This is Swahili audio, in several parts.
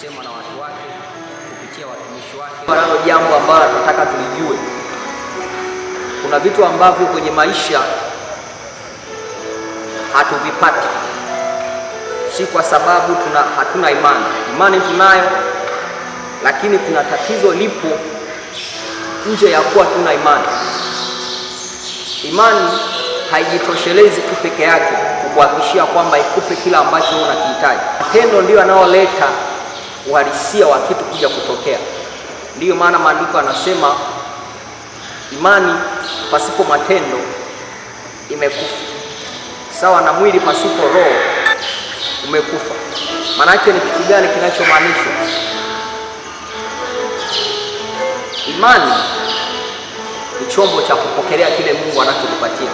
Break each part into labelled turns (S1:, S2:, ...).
S1: kusemwa na watu wake kupitia watumishi
S2: wake. Nalo jambo ambalo tunataka tulijue, kuna vitu ambavyo kwenye maisha hatuvipati, si kwa sababu tuna, hatuna imani. Imani tunayo, lakini kuna tatizo lipo nje ya kuwa tuna imani. Imani haijitoshelezi tu peke yake kukuhakikishia kwamba ikupe kila ambacho unakihitaji. Matendo ndiyo yanayoleta uhalisia wa kitu kuja kutokea. Ndiyo maana maandiko anasema imani pasipo matendo imekufa, sawa na mwili pasipo roho umekufa. Maana yake ni kitu gani kinachomaanishwa? Imani ni chombo cha kupokelea kile Mungu anachokupatia,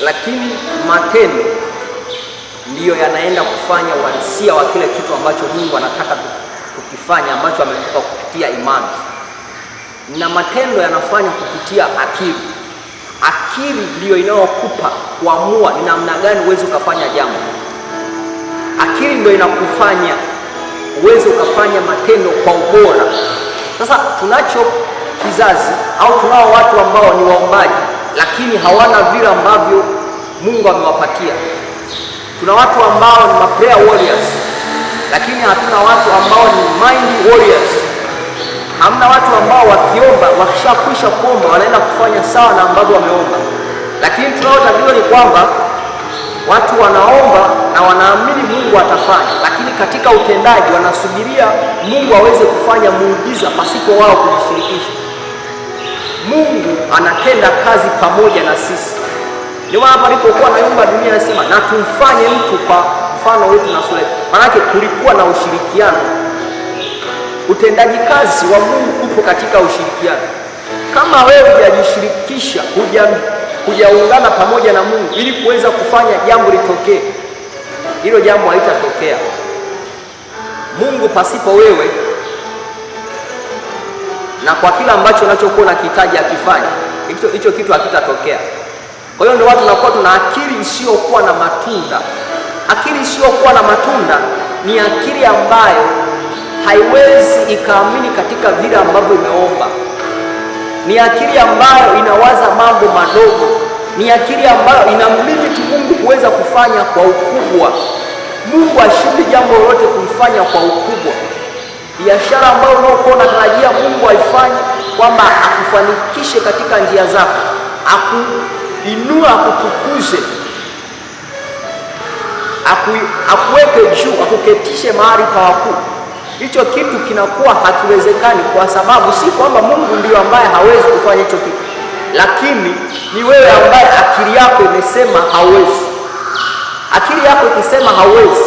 S2: lakini matendo ndiyo yanaenda kufanya uhalisia wa kile kitu ambacho Mungu anataka kukifanya ambacho ametupa kupitia imani, na matendo yanafanywa kupitia akili. Akili ndiyo inayokupa kuamua ni namna gani uweze ukafanya jambo. Akili ndio inakufanya uweze ukafanya matendo kwa ubora. Sasa tunacho kizazi au tunao watu ambao ni waombaji, lakini hawana vile ambavyo Mungu amewapatia. Tuna watu ambao ni prayer warriors, lakini hatuna watu ambao ni mind warriors. Hamna watu ambao wakiomba, wakishakwisha kuomba wanaenda kufanya sawa na ambavyo wameomba. Lakini tunayotakiwa ni kwamba watu wanaomba na wanaamini Mungu atafanya, lakini katika utendaji wanasubiria Mungu aweze kufanya muujiza pasipo wao kujishirikisha. Mungu anatenda kazi pamoja na sisi. Ndio maana hapa na yumba dunia anasema na tumfanye mtu kwa mfano wetu na sura yetu. Maanake kulikuwa na ushirikiano. Utendaji kazi wa Mungu upo katika ushirikiano. Kama wewe hujajishirikisha, hujaungana pamoja na Mungu ili kuweza kufanya jambo litokee, hilo jambo halitatokea. Mungu pasipo wewe na kwa kila ambacho unachokuwa kitaji akifanya, hicho kitu hakitatokea. Kwa hiyo ndio watu tunakuwa tuna akili isiyokuwa na matunda. Akili isiyokuwa na matunda ni akili ambayo haiwezi ikaamini katika vile ambavyo imeomba, ni akili ambayo inawaza mambo madogo, ni akili ambayo inamlimiti Mungu kuweza kufanya kwa ukubwa. Mungu ashindi jambo lolote kuifanya kwa ukubwa. Biashara ambayo unaokuwa unatarajia Mungu aifanye kwamba akufanikishe katika njia zako aku inua akutukuze, aku, akuweke juu, akuketishe mahali pa wakuu. Hicho kitu kinakuwa hakiwezekani, kwa sababu si kwamba Mungu ndiyo ambaye hawezi kufanya hicho kitu, lakini ni wewe ambaye akili yako imesema hawezi. Akili yako ikisema hawezi,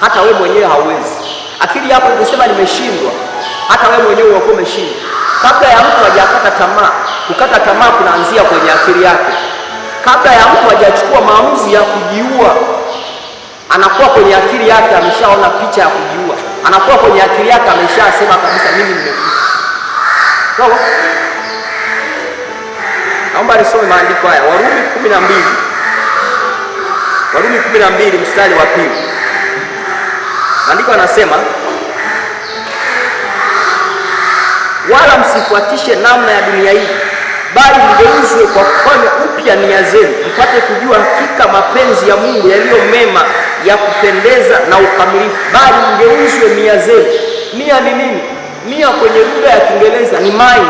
S2: hata wewe mwenyewe hauwezi. Akili yako ikisema nimeshindwa, hata wewe mwenyewe unakuwa umeshindwa. Kabla ya mtu hajakata tamaa Kukata tamaa kunaanzia kwenye akili yake. Kabla ya mtu hajachukua maamuzi ya kujiua, anakuwa kwenye akili yake ameshaona picha ya kujiua, anakuwa kwenye akili yake ameshasema kabisa, mimi nimekufa. Sawa, naomba nisome maandiko haya, Warumi kumi na mbili Warumi kumi na mbili mstari wa pili maandiko anasema wala msifuatishe namna ya dunia hii bali mgeuzwe kwa kufanya upya nia zenu, mpate kujua hakika mapenzi ya Mungu yaliyo mema, ya kupendeza na ukamilifu. Bali mgeuzwe nia zenu. Nia ni nini? Nia kwenye lugha ya Kiingereza ni mind.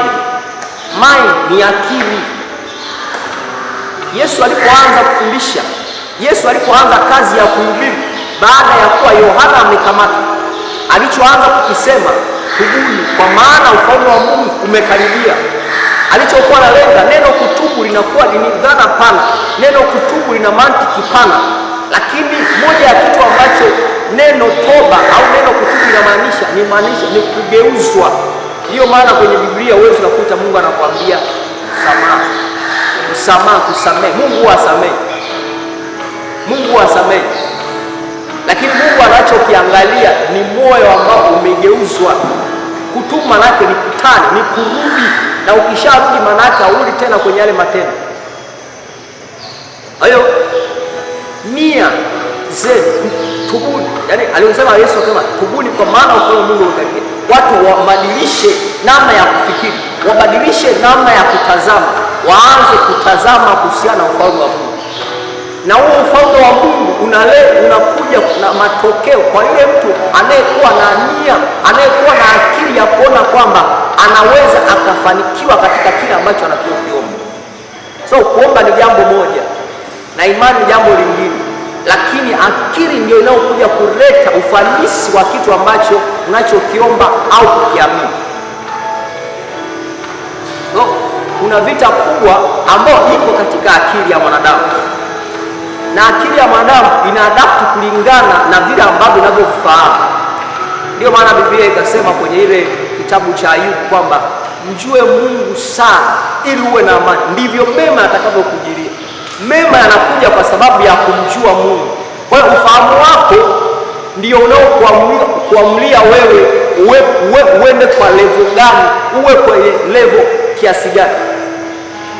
S2: Mind ni akili. Yesu alipoanza kufundisha, Yesu alipoanza kazi ya kuhubiri, baada ya kuwa Yohana amekamata, alichoanza kukisema, tubuni, kwa maana ufalme wa Mungu umekaribia alichokuwa analenga Neno kutubu linakuwa ni dhana pana, neno kutubu lina mantiki pana, lakini moja ya kitu ambacho neno toba au neno kutubu linamaanisha ni maanisha ni kugeuzwa. Ndiyo maana kwenye Biblia uwezi unakuta Mungu anakuambia samaha, msamaha, kusamehe. Mungu asamehe, Mungu asamehe, lakini Mungu anachokiangalia ni moyo ambao umegeuzwa. Kutubu manake ni kutani, ni kurudi na ukisharudi yake haurudi tena kwenye yale matendo. Kwa hiyo nia tubuni, yani aliosema Yesu akasema tubuni, kwa maana ufalme wa Mungu umekaribia. Watu wabadilishe namna ya kufikiri, wabadilishe namna ya kutazama, waanze kutazama kuhusiana na ufalme wa Mungu na huo ufalme wa Mungu unale unakuja na matokeo kwa yule mtu anayekuwa na nia, anayekuwa na akili ya kuona kwamba anaweza akafanikiwa katika kile ambacho anakiwa kiomba. So kuomba ni jambo moja na imani jambo lingine, lakini akili ndio inayokuja kuleta ufanisi wa kitu ambacho unachokiomba au kukiamini. So kuna vita kubwa ambayo iko katika akili ya mwanadamu na akili ya mwanadamu inaadapti kulingana na vile ambavyo inavyofahamu. Ndio maana Biblia ikasema kwenye ile kitabu cha Ayubu kwamba mjue Mungu sana ili uwe na amani, ndivyo mema atakavyokujilia. Mema yanakuja kwa sababu ya kumjua Mungu. Kwa hiyo ufahamu wako ndio unaokuamulia wewe uwe, uwe, uende kwa levo gani, uwe kwenye levo kiasi gani.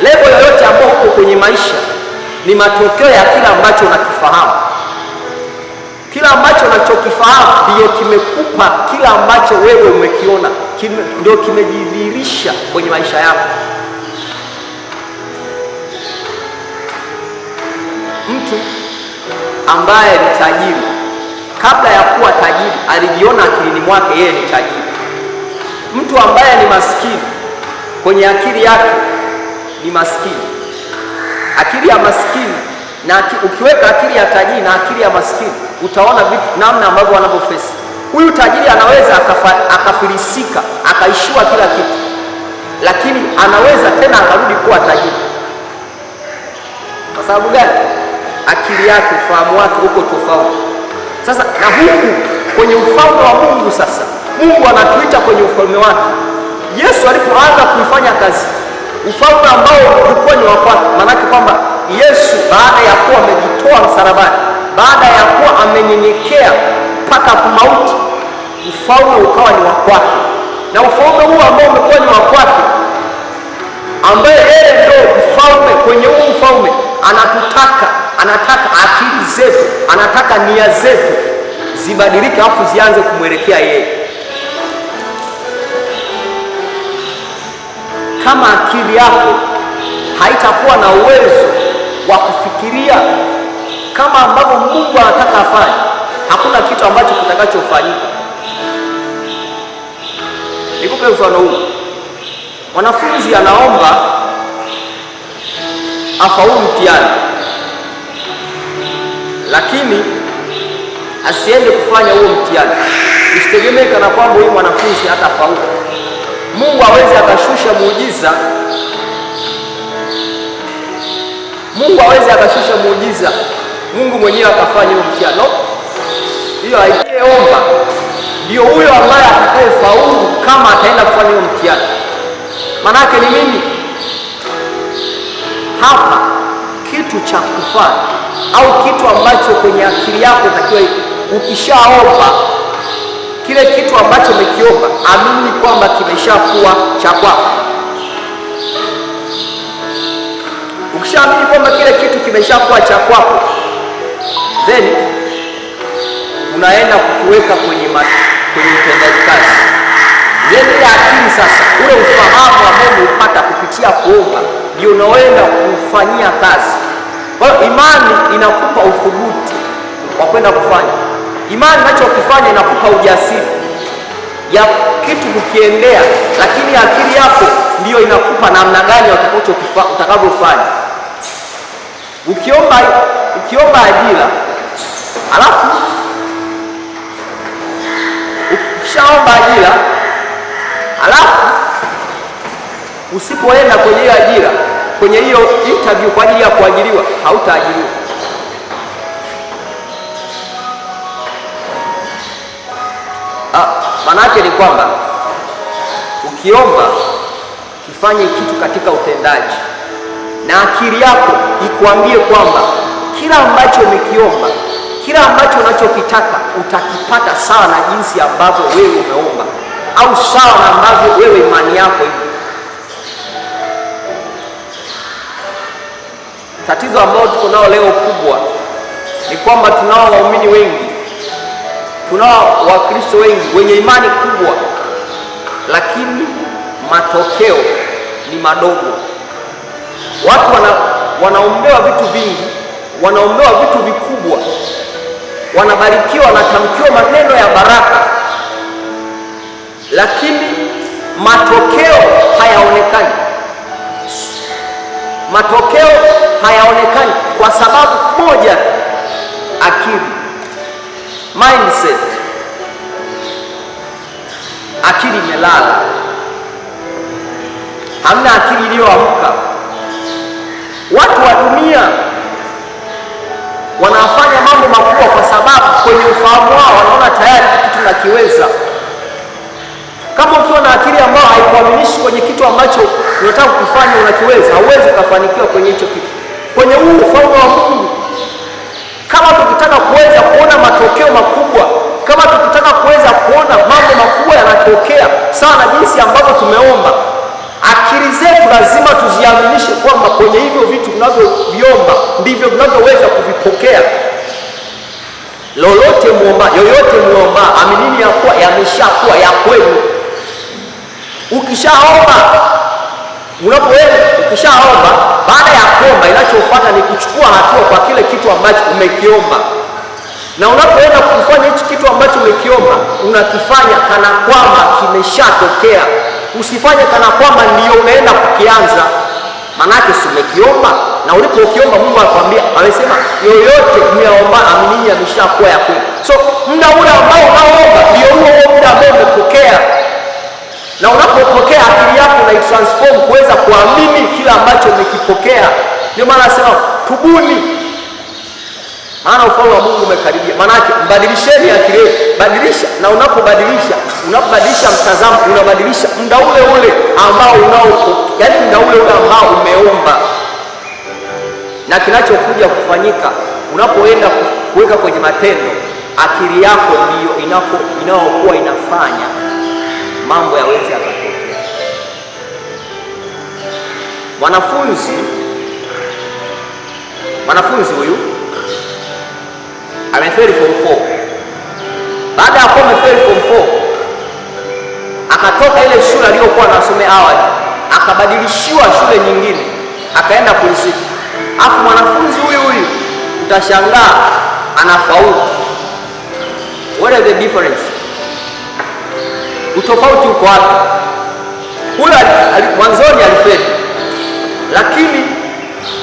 S2: Levo yoyote ambayo uko kwenye maisha ni matokeo ya kila ambacho unakifahamu kila ambacho unachokifahamu ndiyo kimekupa kila ambacho wewe umekiona, ndio kimejidhihirisha kwenye maisha yako. Mtu ambaye ni tajiri, kabla ya kuwa tajiri, alijiona akilini mwake yeye ni tajiri. Mtu ambaye ni maskini, kwenye akili yake ni maskini. Akili ya maskini na ukiweka akili ya tajiri na akili ya maskini utaona vitu namna ambavyo wanavyofesi. Huyu tajiri anaweza akafilisika akaishiwa kila kitu, lakini anaweza tena akarudi kuwa tajiri. Kwa sababu gani? Akili yake, ufahamu wake uko tofauti. Sasa na huku kwenye ufalme wa Mungu, sasa Mungu anatuita kwenye ufalme wake. Yesu alipoanza kuifanya kazi ufalme ambao ulikuwa ni wa kwake, maanake kwamba Yesu baada ya kuwa amejitoa msalabani baada ya kuwa amenyenyekea mpaka kumauti, ufaume ukawa ni wa kwake, na ufaume huu ambao umekuwa ni wa kwake, ambaye yeye ndio ufaume kwenye huu ufalme, anatutaka anataka akili zetu, anataka nia zetu zibadilike, afu zianze kumwelekea yeye. Kama akili yako haitakuwa na uwezo wa kufikiria kama ambavyo Mungu anataka afanye, hakuna kitu ambacho kitakachofanyika. Nikupe mfano huu, mwanafunzi anaomba afaulu mtihani, lakini asiende kufanya huo mtihani, usitegemee kana kwamba huyu mwanafunzi atafaulu Mungu aweze akashusha muujiza Mungu aweze akashusha muujiza Mungu mwenyewe akafanya hiyo mtihani. Hiyo aliyeomba ndio huyo ambaye faulu kama ataenda kufanya hiyo Maana yake ni mimi hapa, kitu cha kufanya au kitu ambacho kwenye akili yako takiwa, ukishaomba kile kitu ambacho umekiomba, amini kwamba kimeshakuwa cha kwako. Ukishaamini kwamba kile kitu kimeshakuwa cha kwako then unaenda kuweka kwenye kwenye utendaji kazi. Then akili sasa, ule ufahamu ambao umeupata kupitia kuomba ndio unaoenda kufanyia kazi. Kwa hiyo imani inakupa uthubutu wa kwenda kufanya. Imani nachokifanya inakupa ujasiri ya kitu kukiendea, lakini akili yako ndiyo inakupa namna gani utakavyofanya. Ukiomba, ukiomba ajira Alafu ukishaomba ajira, alafu usipoenda kwenye hiyo ajira, kwenye hiyo interview kwa ajili ya kuajiriwa, hautaajiriwa. Ah, yake ni kwamba ukiomba kifanye kitu katika utendaji na akili yako ikuambie kwamba kila ambacho umekiomba kila ambacho unachokitaka utakipata sawa na jinsi ambavyo wewe umeomba, au sawa na ambavyo wewe imani yako hivi. Tatizo ambalo tuko nao leo kubwa ni kwamba tunao waumini wengi, tunao Wakristo wengi wenye imani kubwa, lakini matokeo ni madogo. Watu wana, wanaombewa vitu vingi, wanaombewa vitu vikubwa wanabarikiwa, wanatamkiwa maneno ya baraka, lakini matokeo hayaonekani. Matokeo hayaonekani kwa sababu moja, akili, mindset, akili imelala, hamna akili iliyoamka. Watu wa dunia wanafanya mambo makubwa, kwa sababu kwenye ufahamu wao wanaona tayari kitu nakiweza. Kama ukiwa na akili ambayo haikuaminishi kwenye kitu ambacho unataka kufanya unakiweza, hauwezi ukafanikiwa kwenye hicho kitu. Kwenye huu ufalme wa Mungu, kama tukitaka kuweza kuona matokeo makubwa, kama tukitaka kuweza kuona mambo makubwa yanatokea sana jinsi ambavyo tumeomba, akili zetu lazima tuziaminishe kwamba kwenye hivyo vitu tunavyoviomba ndivyo tunavyoweza kuvipokea lolote muomba, yoyote muomba, aminini ya kuwa yameshakuwa ya kwenu. Ukishaomba unapoenda, ukishaomba, baada ya kuomba, inachofuata ni kuchukua hatua kwa kile kitu ambacho umekiomba, na unapoenda kufanya hichi kitu ambacho umekiomba, unakifanya kana kwamba kimeshatokea. Usifanye kana kwamba ndio umeenda kukianza, maanake si umekiomba na ulipo ukiomba Mungu akwambia, amesema yoyote mnaomba aminini ameshakuwa ya kwenu. So muda ule ambao unaomba ndio huo muda ambao umepokea, na unapopokea akili yako itransform kuweza kuamini kila ambacho umekipokea. Ndio maana anasema tubuni, maana ufalme wa Mungu umekaribia. Maana yake mbadilisheni akili badilisha. Na unapobadilisha, unapobadilisha mtazamo, unabadilisha muda ule ule ambao unao, yaani muda ule ule ambao umeomba na kinachokuja kufanyika unapoenda kuweka kwenye matendo, akili yako ndiyo inayokuwa inafanya mambo yaweze yakatokea. Mwanafunzi mwanafunzi huyu amefeli form 4. Baada ya kuwa amefeli form 4, akatoka ile shule aliyokuwa anasomea awali, akabadilishiwa shule nyingine, akaenda kulisiki afu mwanafunzi huyu huyu utashangaa anafaulu. What are the difference? Utofauti uko wapi? Huyu mwanzoni alifeli, lakini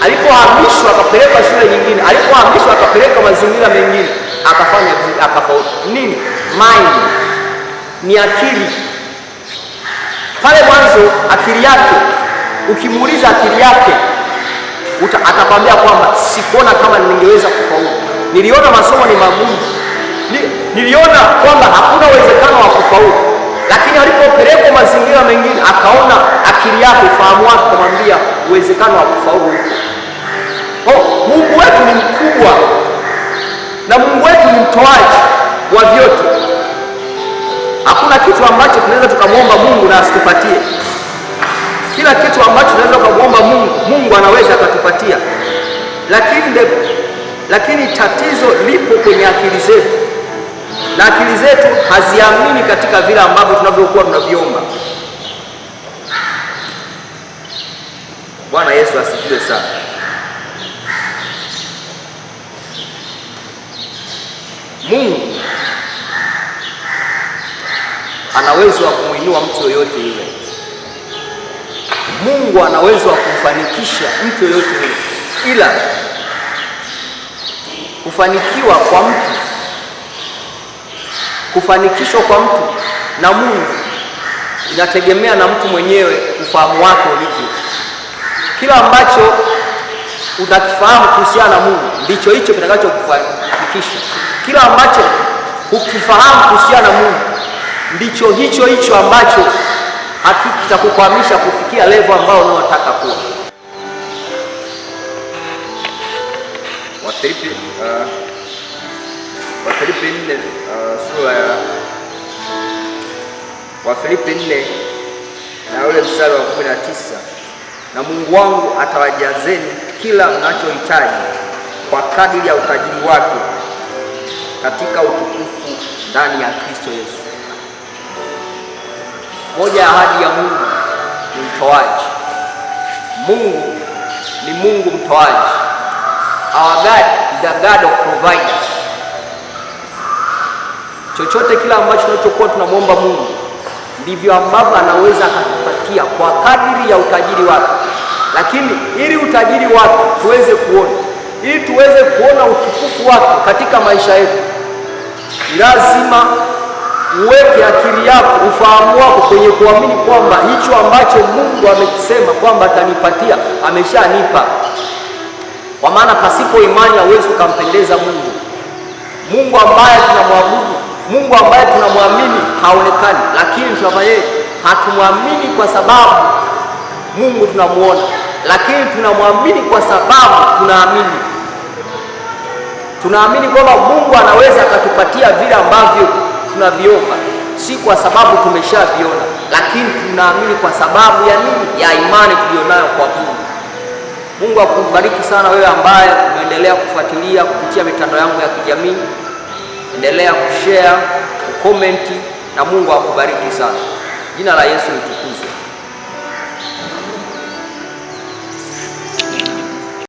S2: alipohamishwa akapelekwa shule nyingine, alipohamishwa akapeleka mazingira mengine, akafanya akafaulu. Nini? Mind ni akili. Pale mwanzo akili yake, ukimuuliza akili yake atakwambia kwamba sikuona kama ningeweza kufaulu, niliona masomo ni magumu, niliona kwamba hakuna uwezekano wa kufaulu. Lakini alipopelekwa mazingira mengine, akaona akili yake, ufahamu wake, kumwambia uwezekano wa kufaulu Oh, Mungu wetu ni mkubwa na Mungu wetu ni mtoaji wa vyote. Hakuna kitu ambacho tunaweza tukamwomba Mungu na asitupatie. Kila kitu ambacho tunaweza kumwomba Mungu, Mungu anaweza akatupatia, lakini lakini tatizo lipo kwenye akili zetu, na akili zetu haziamini katika vile ambavyo tunavyokuwa tunaviomba. Bwana Yesu asifiwe sana. Mungu ana uwezo wa kumwinua mtu yoyote yule. Mungu ana uwezo wa kumfanikisha mtu yoyote yule, ila kufanikiwa kwa mtu, kufanikishwa kwa mtu na Mungu inategemea na mtu mwenyewe, ufahamu wake ulivyo. Kila ambacho utakifahamu kuhusiana na Mungu ndicho hicho kitakachokufanikisha. Kila ambacho ukifahamu kuhusiana na Mungu ndicho hicho hicho ambacho haki kitakukwamisha kufikia levo ambao unaotaka kuwa. Wafilipi uh, Wafilipi nne uh, sura ya Wafilipi nne na ule mstari wa kumi na tisa na Mungu wangu atawajazeni kila mnachohitaji kwa kadiri ya utajiri wake katika utukufu ndani ya Kristo Yesu. Moja ya ahadi ya Mungu ni mtoaji. Mungu ni Mungu mtoaji. Our God is the God of provider. Chochote kila ambacho tunachokuwa tunamwomba Mungu ndivyo ambavyo anaweza akatupatia kwa kadiri ya utajiri wake. Lakini ili utajiri wake tuweze kuona, ili tuweze kuona utukufu wake katika maisha yetu, lazima uweke akili yako, ufahamu wako kwenye kuamini kwamba hicho ambacho Mungu amekisema kwamba atanipatia, ameshanipa. Kwa maana pasipo imani hauwezi ukampendeza Mungu. Mungu ambaye tunamwabudu, Mungu ambaye tunamwamini haonekani, lakini tunafanyaje? Hatumwamini kwa sababu Mungu tunamuona, lakini tunamwamini kwa sababu tunaamini, tunaamini kwamba Mungu anaweza akatupatia vile ambavyo tunaviomba, si kwa sababu tumeshaviona, lakini tunaamini kwa sababu ya nini? Ya imani tuliyonayo kwa Mungu. Mungu akubariki sana wewe ambaye umeendelea kufuatilia kupitia mitandao yangu ya kijamii, endelea kushare, kukomenti na Mungu akubariki sana. Jina la Yesu litukuzwe.